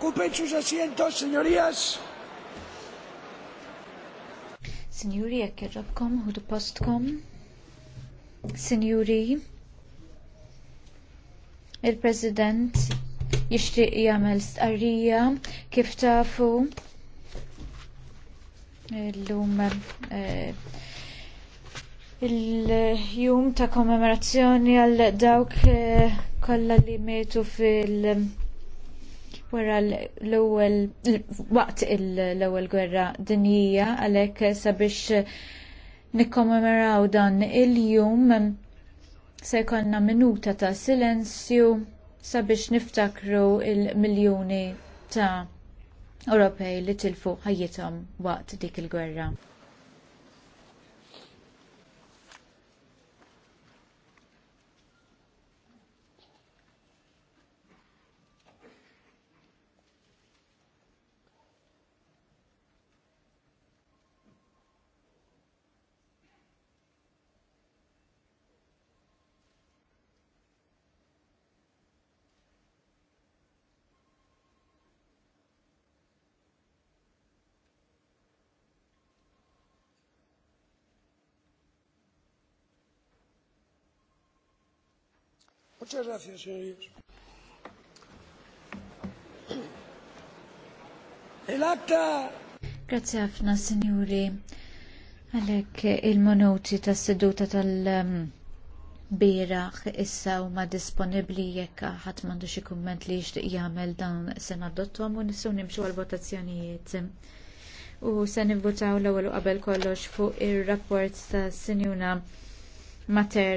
Ocupen sus asientos, señorías. Signori, jekk irrabkom, ħudu postkom. Signori, il-President jixtieq jagħmel stqarrija kif tafu l-lum eh, il-jum ta' kommemorazzjoni għal dawk eh, kollha li metu fil- wara l-ewwel waqt l-ewwel gwerra dinjija għalhekk sabiex nikkommemoraw dan il-jum se jkollna minuta ta' silenzju sabiex niftakru il-miljuni ta' Ewropej li tilfu ħajjithom waqt dik il-gwerra. Muchas gracias, señorías. El acta... Grazie ħafna, signori. Għalek il monoti ta' seduta tal-biraħ issa u ma' disponibli jekk ħadd mandu xi kumment li jixtieq jagħmel dan sena naddottom u nissu nimxu għal-votazzjonijiet. U se nivvotaw l-ewwel qabel kollox fuq ir-rapport ta' Sinjuna Matera.